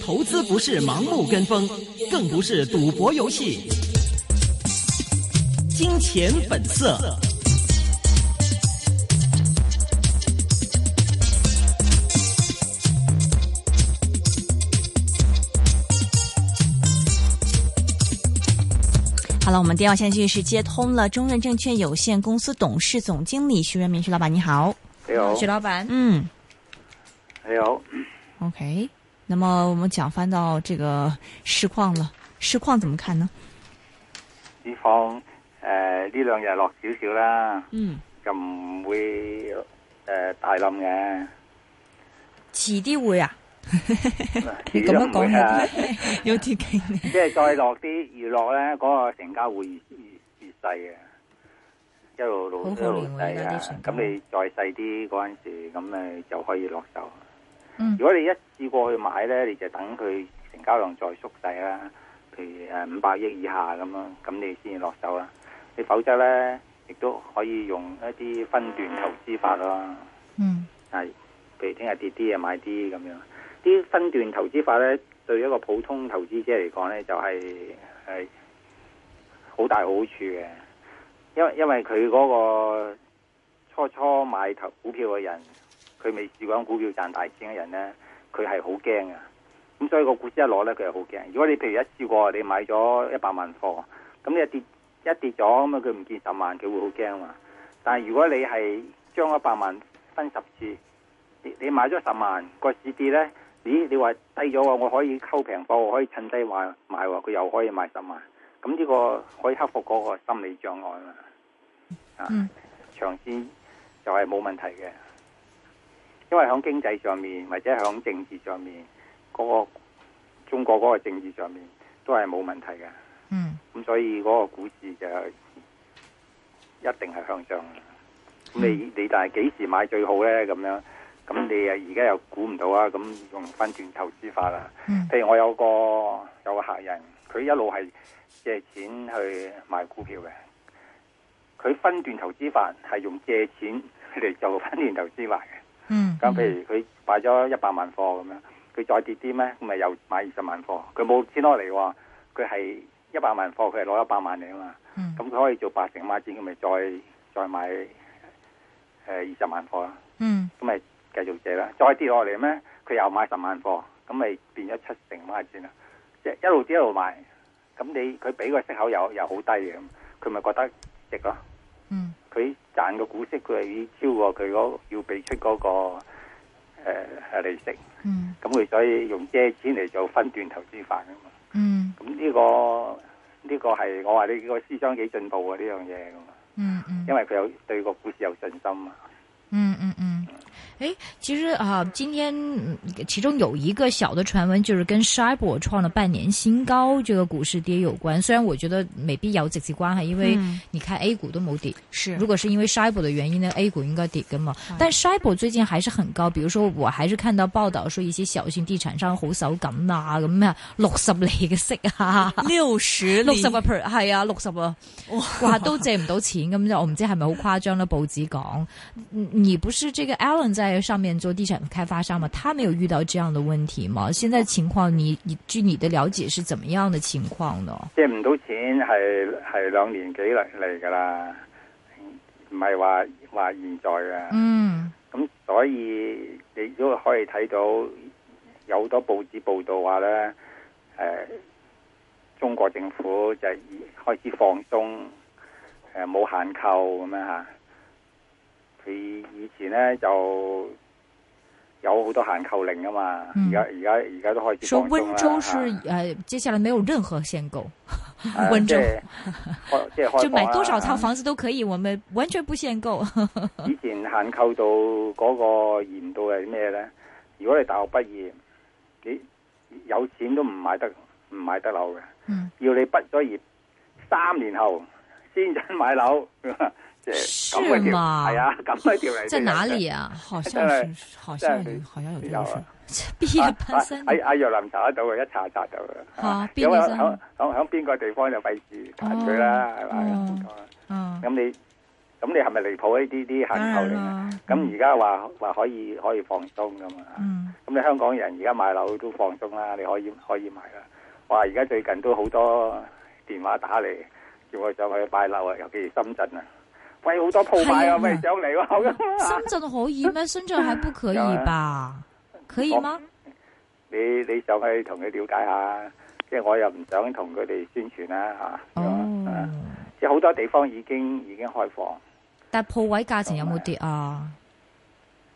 投資不是盲目跟風，更不是賭博遊戲。金錢本色。好了，我們第二線繼續是接通了。中潤證券有限公司董事總經理徐潤民。徐老闆你好。徐老闆。嗯。你好。OK。那麼我們講翻到這個市況啦，市況怎麼看呢？脂肪，誒呢兩日落少少啦，嗯，就唔會誒大冧嘅。遲、呃、啲會啊？你咁樣講有啲勁？即 係說 再落啲、那個，越落咧嗰個成交會越越細嘅，一路路 一路嚟路啊！咁 你再細啲嗰陣時，咁你就可以落手。如果你一次過去買呢，你就等佢成交量再縮細啦，譬如誒五百億以下咁咯，咁你先至落手啦。你否則呢，亦都可以用一啲分段投資法咯。嗯，係，譬如聽日跌啲啊買啲咁樣。啲分段投資法呢，對一個普通投資者嚟講呢，就係係好大好處嘅，因為因為佢嗰個初初買投股票嘅人。佢未試過股票賺大錢嘅人呢，佢係好驚啊！咁所以個股市一攞呢，佢又好驚。如果你譬如一次過，你買咗一百萬貨，咁你一跌一跌咗，咁佢唔見十萬，佢會好驚嘛？但係如果你係將一百萬分十次，你你買咗十萬個市跌呢，咦？你話低咗，我可以溝平貨，我可以趁低買買，佢又可以買十萬，咁呢個可以克服嗰個心理障礙嘛？Mm. 啊，長線就係冇問題嘅。因為喺經濟上面或者喺政治上面嗰個中國嗰個政治上面都係冇問題嘅，嗯，咁所以嗰個股市就一定係向上。咁你你但係幾時買最好咧？咁樣咁你啊而家又估唔到啊！咁用分段投資法啦，譬如我有個有個客人，佢一路係借錢去買股票嘅，佢分段投資法係用借錢嚟做分段投資法嘅。咁、嗯、譬如佢買咗一百萬貨咁樣，佢再跌啲咩，咁咪又買二十萬貨。佢冇跌攞嚟喎，佢係一百萬貨，佢係攞一百萬嚟啊嘛。咁、嗯、佢可以做八成孖展，佢咪再再買誒二十萬貨啦。嗯，咁咪繼續借啦。再跌落嚟咩，佢又買十萬貨，咁咪變咗七成孖展啦。即係、就是、一路跌一路買，咁你佢俾個息口又又好低嘅，佢咪覺得值咯。嗯，佢賺個股息，佢係超過佢嗰要俾出嗰個。要誒、啊，係利息，咁、嗯、佢所以用借錢嚟做分段投資法啊嘛，嗯，咁呢、這個呢、這個係我話你呢個思想幾進步啊呢樣嘢咁啊，因為佢有對個股市有信心啊。哎，其實啊、呃，今天其中有一個小的傳聞，就是跟 SHIBOR 創了半年新高這個股市跌有關。雖然我覺得沒必要直接關係，因為你看 A 股都冇跌。是、嗯，如果是因為 SHIBOR 的原因呢，A 股應該跌嘅嘛？嗯、但 SHIBOR 最近還是很高。比如說，我還是看到報道說一些小型地產商好手緊啊，咁啊，六十厘嘅息啊，六十六十個 per，係啊，六十哇，都借唔到錢咁就。我唔知係咪好誇張咧？報紙講，你不是這個 Allen。在上面做地產的開發商嘛，他沒有遇到這樣的問題嘛？現在情況，你你據你的了解是怎麼樣的情況呢？借唔到錢係係兩年幾嚟嚟噶啦，唔係話話現在噶。嗯，咁所以你都可以睇到有好多報紙報道話咧，誒、呃，中國政府就係開始放鬆，誒、呃、冇限購咁樣吓。佢以前咧就有好多限購令啊嘛，而家而家而家都開始放鬆啦。說溫州是誒、啊，接下來沒有任何限購，溫、嗯、州、啊、 就買多少套房子都可以，啊、我們完全不限購。 以前限購到嗰個嚴度係咩咧？如果你大學畢業，你有錢都唔買得唔買得樓嘅、嗯，要你畢咗業三年後先准買樓。嗯 條是嘛？是啊樣條就是、 在哪裡啊？好像是，好即好像，好像有啲咁嘅事。邊個潘森？喺阿若林查得到，一查查就。吓邊個先？響響響邊個地方就費事彈佢啦，係咪？哦，咁你咁你係咪離譜一啲啲限購嚟啊？咁而家話話可以可以放鬆噶嘛？咁、嗯、你香港人而家買樓都放鬆啦，你可以可以買啦。哇！而家最近都好多電話打嚟，叫我上去拜樓啊，尤其是深圳啊。喂，好多鋪賣啊！咪上嚟咯，深圳可以咩？ 深圳係不可以吧，吧？可以嗎？你你上去同佢了解一下，即係我又唔想同佢哋宣傳啦吓。Oh. 即係好多地方已經已經開放。但係鋪位價錢有冇跌啊？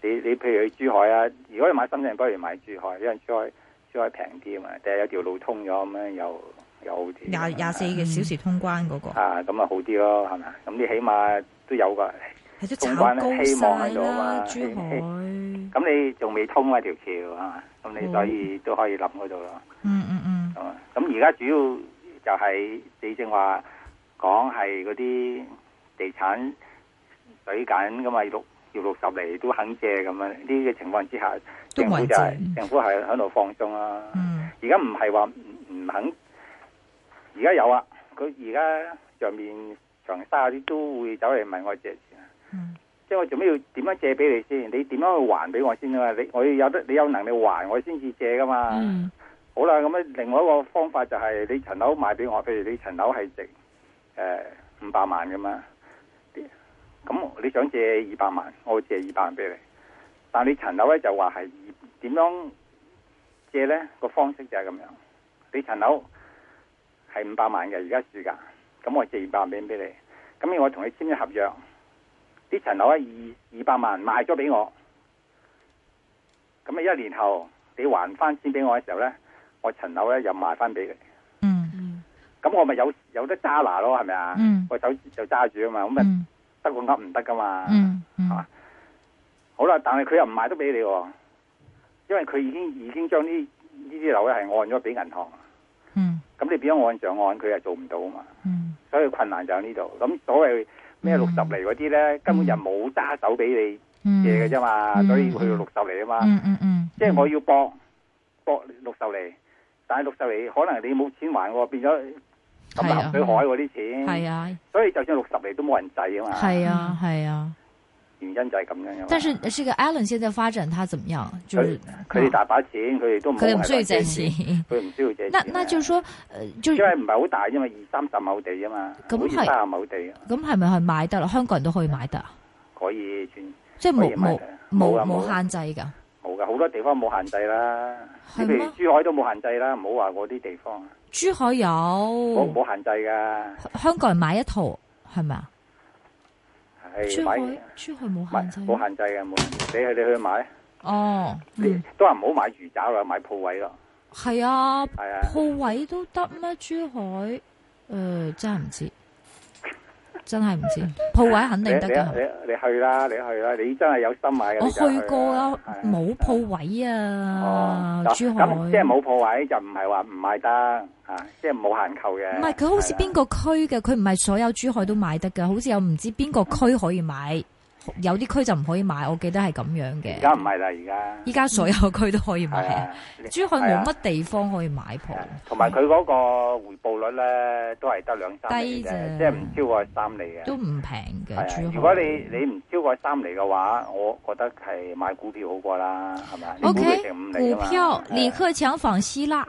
你你譬如去珠海啊，如果你買深圳，不如買珠海，因為珠海珠海平啲啊嘛，第係有條路通咗咁樣又，又又好啲。廿廿四個小時通關嗰個、嗯、啊，咁啊好啲咯，係咪？咁你起碼。都有噶，共關希望喺度啦，嘛、啊。咁你仲未通嗰條橋啊？咁、嗯、你所以都可以諗嗰度咯。嗯嗯嗯。咁而家主要就係、是、你正話講係嗰啲地產水緊噶嘛，要六,六十厘都肯借咁啊！呢個情況之下，政府就係、是、政府係喺度放鬆啦、啊。而家唔係話唔肯，而家有啊！佢而家上面。長沙啲都會走嚟問我借錢啊、嗯，即係我做咩要點樣借俾你先？你點樣去還俾我先啊？你我要有得，你有能力還我先至借噶嘛？嗯、好啦，咁咧，另外一個方法就係你層樓賣俾我，譬如你層樓係值誒五百萬㗎嘛。咁你想借二百萬，我會借二百萬俾你，但你層樓咧就話係點樣借咧？個方式就係咁樣，你層樓係五百萬嘅，而家住㗎。咁我借二百萬俾你，咁我同你簽咗合約，啲層樓咧二二百萬賣咗俾我，咁啊一年後你還翻錢俾我嘅時候咧，我層樓咧又賣翻俾你。嗯嗯，咁我咪有有得揸拿咯，係咪啊？我手就揸住啊嘛，咁咪得個噏唔得噶嘛。嗯係嘛、嗯嗯？好啦，但係佢又唔賣得俾你喎，因為佢已經已經將呢呢啲樓咧係按咗俾銀行。嗯，咁你變咗按上按，佢又做唔到啊嘛。嗯所以困難就喺呢度，咁所謂咩六十厘嗰啲咧，根本就冇揸手俾你借嘅啫嘛、嗯嗯，所以去到六十厘啊嘛，嗯嗯嗯、即係我要搏搏六十厘，但係六十厘可能你冇錢還喎，變咗咁鹹水海喎啲錢、啊，所以就算六十厘都冇人制啊嘛，係啊係啊。原因就係咁樣。但是呢個 Allen 現在發展，他怎麼樣？就佢、是、哋大把錢，佢、啊、哋都唔。佢唔需要借錢。佢唔需要借錢。 借錢 那那就是說，因為唔係好大，因為二三十畝地啊嘛，咁好似三十畝地。咁係咪係買得啦？香港人都可以買得啊，可以轉，即係冇冇冇限制㗎。冇㗎，好多地方冇限制啦。譬如珠海都冇限制啦，唔好話嗰啲地方。珠海有。冇限制㗎？香港人買一套係咪啊？Hey, 珠海買，珠海冇限制，冇限制嘅，冇，你去、oh, 你去買哦，都係唔好買住宅啦，買鋪位咯。係啊，鋪、啊、位都得咩？珠海，誒、呃，真係唔知道。真係唔知，鋪位肯定得噶你你去啦，你去啦，你真係有心買。我去過啦，冇鋪位啊，嗯，珠海。哦，即係冇鋪位，就唔係話唔買得啊，即係冇限購嘅。唔係，佢好似邊個區嘅？佢唔係所有珠海都買得噶，好似又唔知邊個區可以買。有啲區就唔可以買，我記得係咁樣嘅。而家唔係啦，而家依家所有區都可以買。珠海冇乜地方可以買鋪，同埋佢嗰個回報率咧都係得兩三厘啫，即係唔超過三厘嘅。都唔平嘅。如果你你唔超過三厘嘅話，我覺得係買股票好過啦，係咪？OK，股票李克強訪希臘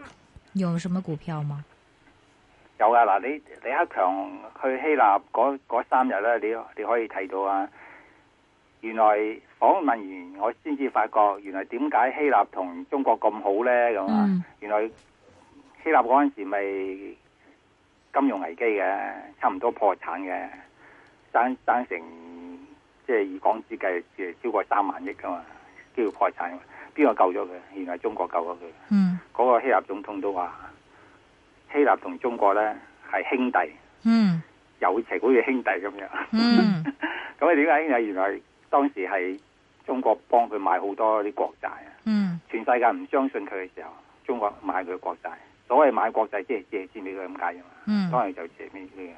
用什麼股票嗎？有噶嗱，你李克強去希臘嗰三日咧，你你可以睇到啊。原來訪問完我先至發覺，原來點解希臘同中國咁好咧咁啊？原來希臘嗰陣時咪金融危機嘅，差唔多破產嘅，生生成即係以港紙計，超過三萬億噶嘛，都要破產。邊個救咗佢？原來中國救咗佢。嗯，嗰個希臘總統都話，希臘同中國咧係兄弟，嗯，友情好似兄弟咁樣。咁你，點解？原來當時係中國幫佢買好多啲國債啊、嗯，全世界唔相信佢嘅時候，中國買佢嘅國債。所謂買國債即係借錢俾佢咁解啊嘛，當然就借咩嘅。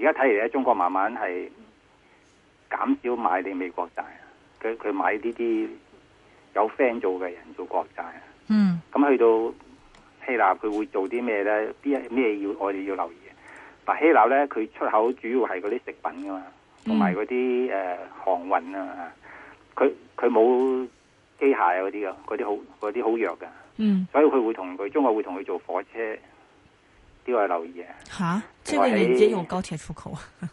而家睇嚟喺中國慢慢係減少買你美國債，佢佢買呢啲有 friend 做嘅人做國債啊。嗯，咁去到希臘佢會做啲咩咧？啲咩要我哋要留意？但希臘咧佢出口主要係嗰啲食品噶嘛。同埋嗰啲航運啊，佢佢冇機械嗰啲啊，嗰啲好嗰啲好弱噶、嗯，所以佢會同佢中國會同佢做火車，呢個位留意啊！嚇，希臘、這個、也用高鐵出口啊？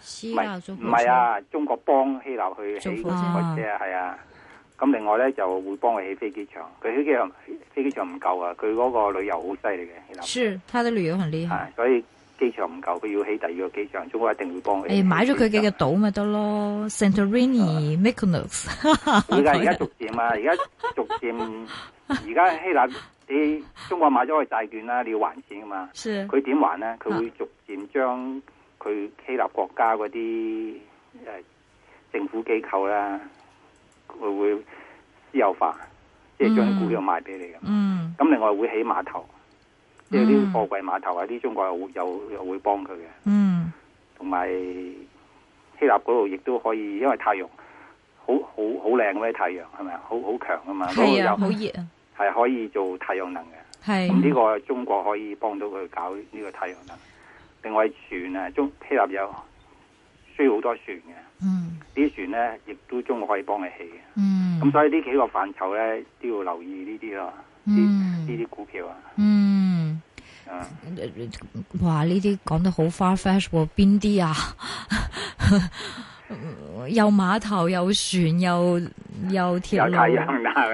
希臘做火車？唔係啊，中國幫希臘去希臘、啊、起火車啊，係啊，咁另外咧就會幫佢起飛機場，佢飛機場飛機場唔夠啊，佢嗰個旅遊好犀利嘅希臘。是他的旅遊很厲害、啊，所以。機場唔夠，佢要起第二個機場，中國一定要幫佢。誒、欸，買咗佢幾個島咪得咯，Santorini、Mykonos 而家逐漸啊，而 家逐漸，而 家希臘你中國買咗佢債券啦，你要還錢噶嘛？佢點還呢？佢會逐漸將佢希臘國家嗰啲、啊啊、政府機構啦，佢會私有化，即、嗯、係、就是、將股票賣俾你咁。嗯。咁另外會起碼頭。即係啲貨櫃碼頭啊，啲中國又又又會幫佢嘅。嗯，同埋希臘嗰度亦都可以，因為太陽好好好靚嘅啲太陽係咪啊？好好強啊嘛，係啊，好熱啊，係可以做太陽能嘅。係咁呢個中國可以幫到佢搞呢個太陽能。另外船啊，中希臘有需要好多船嘅。嗯，啲船咧亦都中國可以幫佢起嘅。嗯，咁所以呢幾個範疇咧都要留意呢啲咯。嗯，呢啲股票啊。嗯。啊、哇！呢啲講得好花 fresh 邊啲啊？ 又碼頭又船又又鐵路，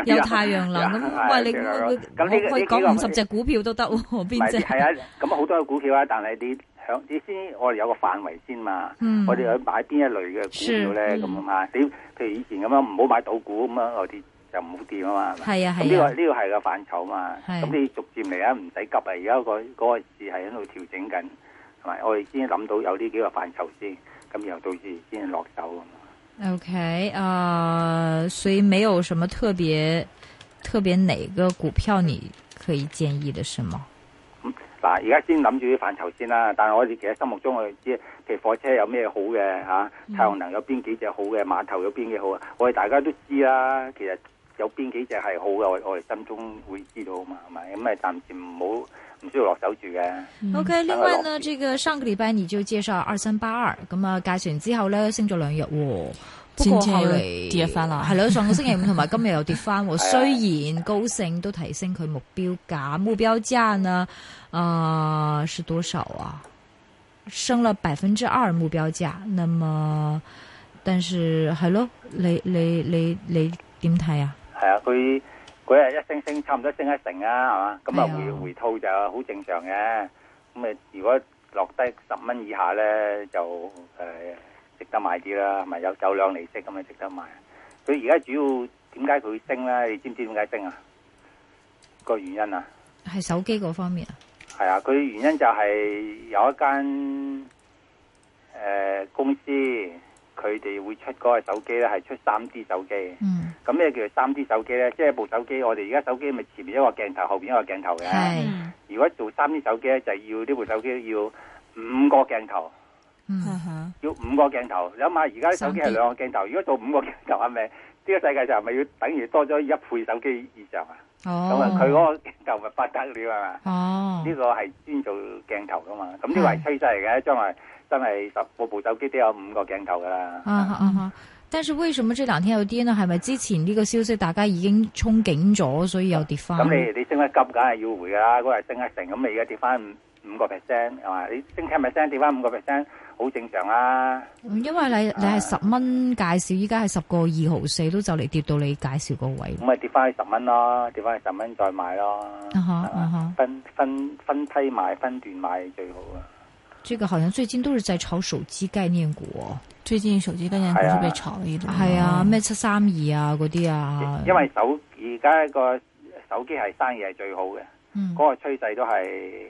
又太陽能，咁。喂，你，你，你我可以講五十隻股票都得喎、啊，邊隻？咁好、啊、多嘅股票啊！但係你響你先，我哋有個範圍先嘛。嗯、我哋去買邊一類嘅股票咧？咁啊嘛？你譬如以前咁樣，唔好買賭股咁啊，我哋。就唔好跌啊嘛，咁呢、啊啊這個呢、這個係個範疇嘛，咁、啊、你逐漸嚟，啊，唔使急啊，而家個嗰個，個市係喺度調整緊，係咪？我哋先諗到有呢幾個範疇先，咁然後到時先落手。O K，啊，所以沒有什麼特別特別哪個股票你可以建議嘅，是嗎？嗱，而家先諗住啲範疇先啦，但係我哋其實心目中我哋知，譬如火車有咩好嘅吓，太、啊、陽能有邊幾隻好嘅，碼頭有邊幾好啊？我哋大家都知啦、啊，其實。有邊幾隻係好嘅？我哋心中會知道嘛？係咪咁？誒，暫時唔好唔需要落手住嘅。OK，另外呢，這個上個禮拜你就介紹二三八二咁啊，介紹完之後呢，升咗兩日，不過後嚟跌翻啦，係咯。上個星期五同埋今日又跌翻。 雖然高盛都提升佢目標價，目標價呢？啊、呃，是多少啊？升了百分之二目標價，那麼但是係咯，你你你你點睇啊？係啊，佢日一升升，差唔多升一成啊，係嘛，咁啊回、哎、回吐就好正常嘅。咁啊，如果落低十蚊以下咧，就誒、呃、值得買啲啦，係咪有走量利息咁啊，值得買。佢而家主要點解佢會升咧？你知唔知點解升啊？個原因啊？係手機嗰方面啊？係啊，佢原因就係有一間誒、呃、公司，佢哋會出嗰個手機咧，係出三 D 手機。嗯咁咩叫三 D 手機咧？即、就、係、是、部手機，我哋而家手機咪前面一個鏡頭，後面一個鏡頭嘅。如果做三 D 手機咧，就要呢部手機要五個鏡頭。嗯、要五個鏡頭。諗下而家啲手機係兩個鏡頭，如果做五個鏡頭，係咪？呢、這個世界就係咪要等於多咗一倍手機以上啊？咁、哦、啊，佢嗰個鏡頭咪不，不得了啊嘛！哦、呢、這個係先做鏡頭噶嘛？咁呢個係趨勢嚟嘅，將來。真係十部部手機都有五個鏡頭噶啦、啊啊啊。但是為什麼最難聽有啲呢？係咪之前呢個消息大家已經憧憬咗，所以又跌翻。咁、啊、你你升得急梗係要回噶啦，嗰日升一成，咁你而家跌翻五個 percent 係嘛？你升七 percent 跌翻五個 percent，好正常啦、啊！因為你你係十蚊介紹，依家係十個二毫四都就嚟跌到你介紹個位。咁咪跌翻去十蚊咯，跌翻去十蚊再買咯。啊啊、分分分批買、分段買最好啊。這個好像最近都是在炒手機概念股，最近手機概念股是被炒了一啲，係啊咩七三二啊嗰啲啊，啊，因為手而家個手機係生意係最好嘅，嗰、嗯嗰個趨勢都係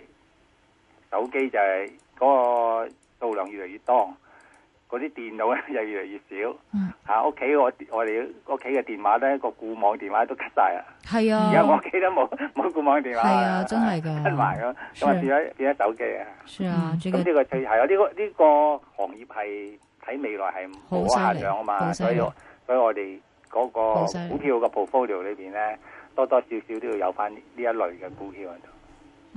手機就係、是、嗰、嗰個數量越嚟越多。嗰啲電腦咧又越嚟越少，嚇屋企我我哋屋企嘅電話咧，個固網電話都 cut 曬啦，係啊，而家我屋企都冇冇固網嘅電話啦，係啊，真係嘅，cut 埋咯，仲係變咗變咗手機啊，是啊，咁呢、啊啊嗯這個最係啊呢個呢、嗯這個行業係睇、這個這個、未來係唔可限量啊嘛，所以所以我哋嗰個股票嘅 portfolio 裏邊咧多多少少都要有翻呢一類嘅股票喺度。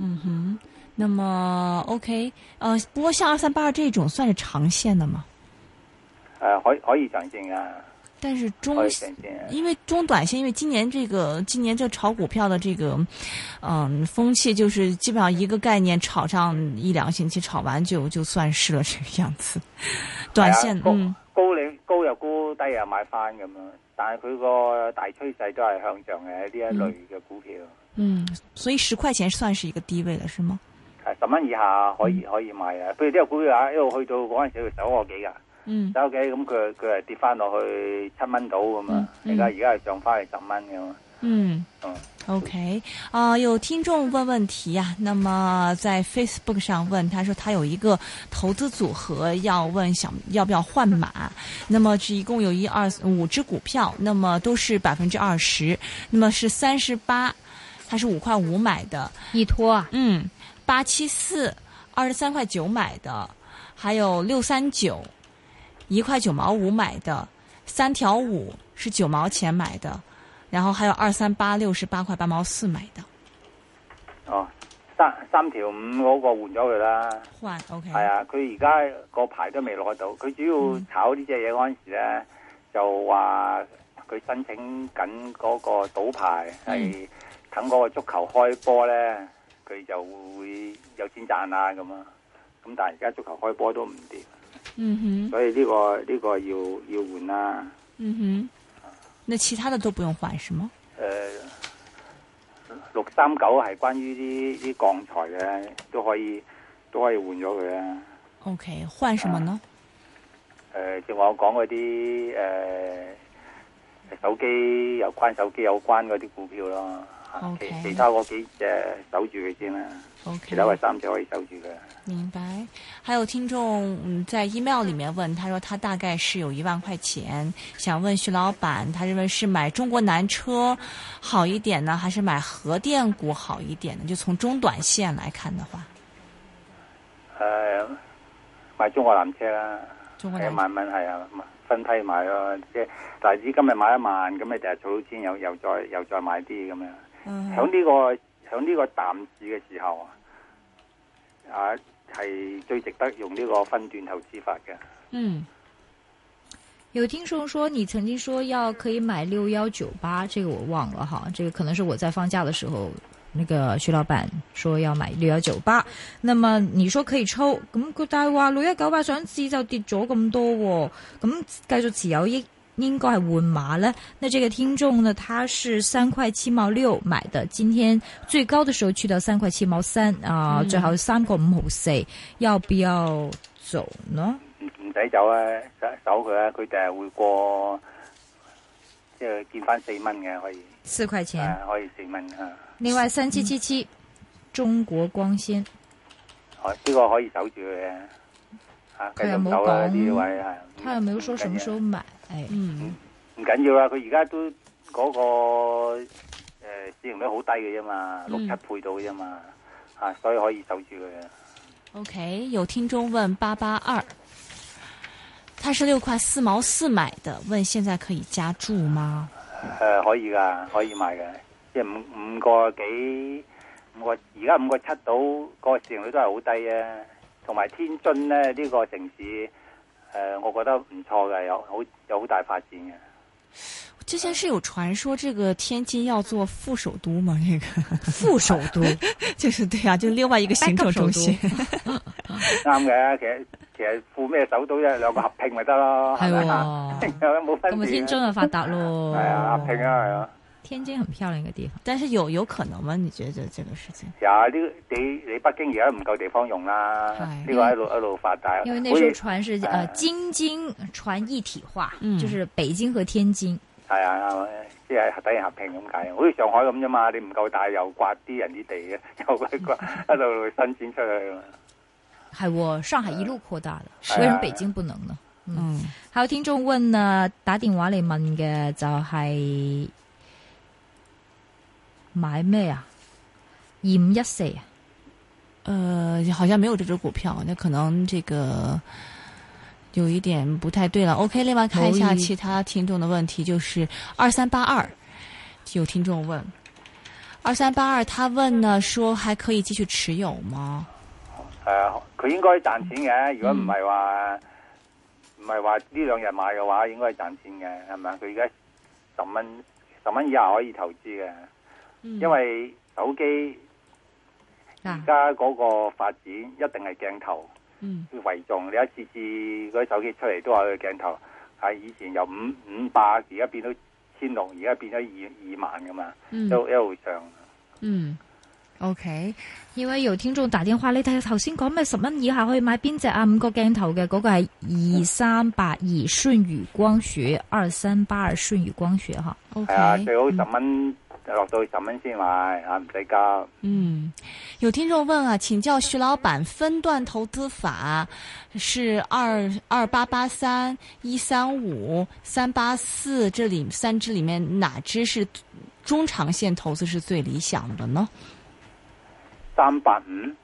嗯哼，那麼 OK，呃不過像二三八二呢種算是長線嘅嘛？誒、呃，可以可以上升啊！但是中、啊、因為中短線，因為今年這個今年這炒股票的這個，嗯、呃，風氣就是基本上一個概念炒上一兩個星期，炒完就就算是了，這個樣子。短線、啊、高嗯，高領高又沽，低又買翻咁樣，但係佢個大趨勢都係向上嘅呢、嗯、一類嘅股票。嗯，所以十塊錢算是一個低位啦，是嗎？係十蚊以下可以可以買啊！譬如呢個股票一路去到嗰陣時就九個幾日。嗯，O K，咁佢佢係跌翻落去七蚊到咁啊，而家而家係漲翻去十蚊咁嘛。嗯，OK，啊，有聽眾問問題啊，那麼在 Facebook 上問，他說他有一個投資組合要問想，想要不要換馬？那麼是一共有一二五隻股票，那麼都是百分之二十，那麼是三十八，他是五塊五買的，一拖啊，嗯，八七四，二十三塊九買的，還有六三九。一塊九毛五買的，三條五是九毛錢買的，然後還有二三八六是八塊八毛四買的。哦，三三條五嗰個換咗佢啦。換，OK。係啊，佢而家個牌都未攞到，佢主要炒這東西呢隻嘢嗰陣時咧，就話佢申請緊嗰個賭牌，係、嗯、等嗰個足球開波咧，佢就會有錢賺啊咁啊。咁但係而家足球開波都唔掂。嗯哼，所以呢、這個呢、這個要要換啦。嗯哼，那其他的都不用換，是嗎？誒、呃，六三九係關於啲啲鋼材嘅，都可以都可以換咗佢啦，OK，換什麼呢？誒、呃，正話我講嗰啲誒手機有關、手機有關嗰啲股票咯。Okay. 其他嗰幾隻守住佢先啦，其他位三隻可以守住嘅、okay.。明白。還有聽眾嗯在 email 裏面問，他說他大概是有一萬塊錢，想問徐老闆，他認為是買中國南車好一點呢，還是買核電股好一點呢？就從中短線來看的話，誒、呃，買中國南車啦，慢慢係啊，分批買咯、啊，即係大資今日買一萬，咁咪就係儲到錢又又再又再買啲咁樣。喺呢個喺呢個淡市嘅時候啊，啊係最值得用呢個分段投資法嘅。嗯，有聽眾說你曾經說要可以買六幺九八，這個我忘了哈，這個可能是我在放假的時候，那個徐老闆說要買六幺九八，那麼你說可以抽，咁佢但係話六幺九八想試就跌咗咁多，哦，咁繼續持有依。應該係換碼咧，那這個聽眾呢？他是三塊七毛六買的，今天最高的時候去到三塊七毛三啊、嗯，最後三個五毫四，要不要走呢？唔唔使走啊，走走佢啊，佢第日會過，即、這、係、個、見翻四蚊嘅可以。四塊錢，啊、可以四蚊啊。另外三七七七，中國光纖，呢、這個可以守住佢嘅、啊，啊繼續走啊呢位啊。他有沒有說什麼時候買？哎、嗯，唔緊要啦，佢而家都嗰、那個誒、呃、市盈率好低嘅啫嘛，六七倍到嘅啫嘛，吓、嗯啊、所以可以守住佢啊。OK，有聽眾問八八二，他是六塊四毛四買嘅，問現在可以加注嗎？誒、嗯呃，可以噶，可以買嘅，即係五五個幾五個，而家五個七到，個市盈率都係好低啊，同埋天津咧呢、這個城市。誒、呃，我覺得唔錯嘅，有好有好大發展嘅。之前是有傳說，這個天津要做副首都嘛？這個副首都 就是對啊，就另外一個行政中心。啱 嘅， 其實其實副咩首都啫，兩個合併咪得咯。係、哎。咁咪 天津就發達咯。係 啊、哎，合併啊，係啊。天津很漂亮一個地方、啊，但是有有可能嗎？你覺得這個事情？有、啊、呢、這個，你你北京而家唔夠地方用啦，呢、哎這個一路一路發大。因為那艘船是，哎、呃，京津船一體化、嗯，就是北京和天津。係、嗯、啊，即係等人合併。咁解，好似上海咁啫嘛，你唔夠大又刮啲人啲地嘅，又喺刮、哎、一路伸展出去啊。係、哎、喎，我上海一路擴大啦，為什麼北京不能呢、哎？嗯，嗯還有聽眾問啊，打電話嚟問嘅就係，是。買咩啊？二五一四啊？呃，好像沒有這隻股票，那可能這個有一點不太對了。OK，另外看一下，一下其他聽眾的問題，就是二三八二有聽眾問二三八二，他問呢，說還可以繼續持有嗎？呃，佢應該賺錢嘅，如果唔係話唔係話呢兩日買嘅話，應該係賺錢嘅，係咪？佢而家十蚊十蚊以下可以投資嘅。嗯、因為手機而家嗰個發展一定係鏡頭為、啊嗯、重，你一次次啲手機出嚟都話佢鏡頭。係、啊、以前由五五百，而家變到千六，而家變咗二二萬噶嘛。L、嗯、L 上，嗯，OK。因為有聽眾打電話，你睇下頭先講咩？十蚊以下可以買邊隻啊？五個鏡頭嘅嗰、那個係二三八二順宇光學，二三八二順宇光學哈。係、嗯、啊，okay，最好十蚊、嗯。落到十蚊先買，啊唔使急。嗯，有聽眾問啊，請教徐老闆，分段投資法是二二八八三一三五三八四，這裏三支裏面哪支是中長線投資是最理想的呢？三八五，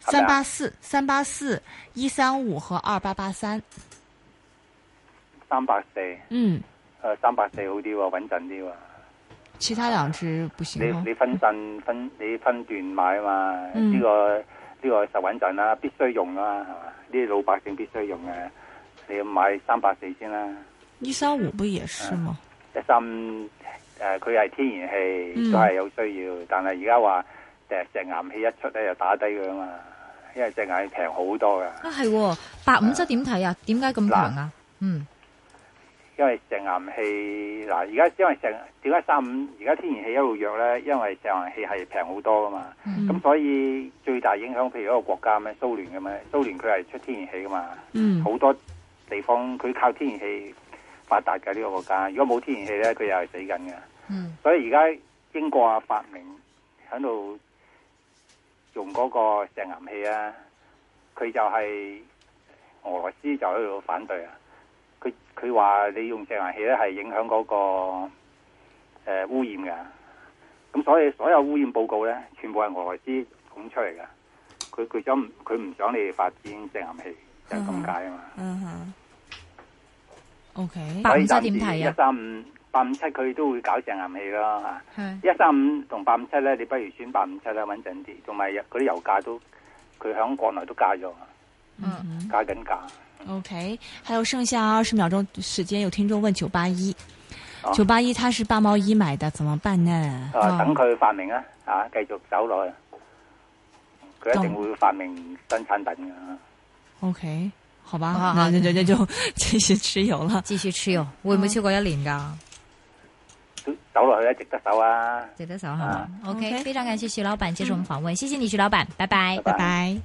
三八四，三八四一三五和二八八三，三百四。嗯，誒、呃，三百四好啲喎，啊，穩陣啲喎。.其他兩隻不行。你你分陣、嗯、分你分段買啊嘛，呢、嗯呢個呢、呢個就穩陣啦，必須用啊，係嘛？啲老百姓必須用嘅，你要買三百四先啦。一三五不也是嗎？一、啊、三，誒、呃，佢係天然氣都係有需要，嗯、但係而家話石石岩氣一出咧又打低佢啊嘛，因為石岩平好多噶。啊係，八五則點睇啊？點解咁平啊，么么啊？嗯。因為石岩氣嗱，而、啊、家因為石點解三五而家天然氣一路弱咧？因為石岩氣係平好多噶嘛，咁、mm. 所以最大影響，譬如一個國家咩蘇聯咁咧，蘇聯佢係出天然氣噶嘛，好、mm. 多地方佢靠天然氣發達嘅呢個國家，如果冇天然氣咧，佢又係死緊嘅。Mm. 所以而家英國啊，發明響度用嗰個石岩氣啊，佢就係俄羅斯就喺度反對啊。佢佢話你用石油氣咧，係影響嗰、那個、呃、污染嘅，咁所以所有污染報告咧，全部係俄羅斯講出嚟嘅。佢佢想佢唔想你發展石油氣就係咁解啊嘛。嗯、uh、哼 -huh. okay.O K. 八五七點提啊？一三五八五七佢都會搞石油氣咯嚇。係。一三五同八五七咧，你不如選八五七啦，穩陣啲。同埋嗰啲油價都佢響國內都加咗，嗯嗯，加緊價。Uh -huh. OK，還有剩下二十秒鐘時間，有聽眾問九八一，九八一他是八毛一買的，怎麼辦呢？Oh. Oh. 等佢發明啊，啊，繼續走落去，佢一定會發明新產品噶。Oh. OK，好吧，oh. 那那就那就，就繼續持有了繼續持有，會唔會超過一年噶、啊？Oh. 走落去一、啊、直得走啊，一直得走啊。OK，, okay. 非常感謝徐老闆接受我們訪問，嗯、謝謝你徐老闆，拜拜，拜拜。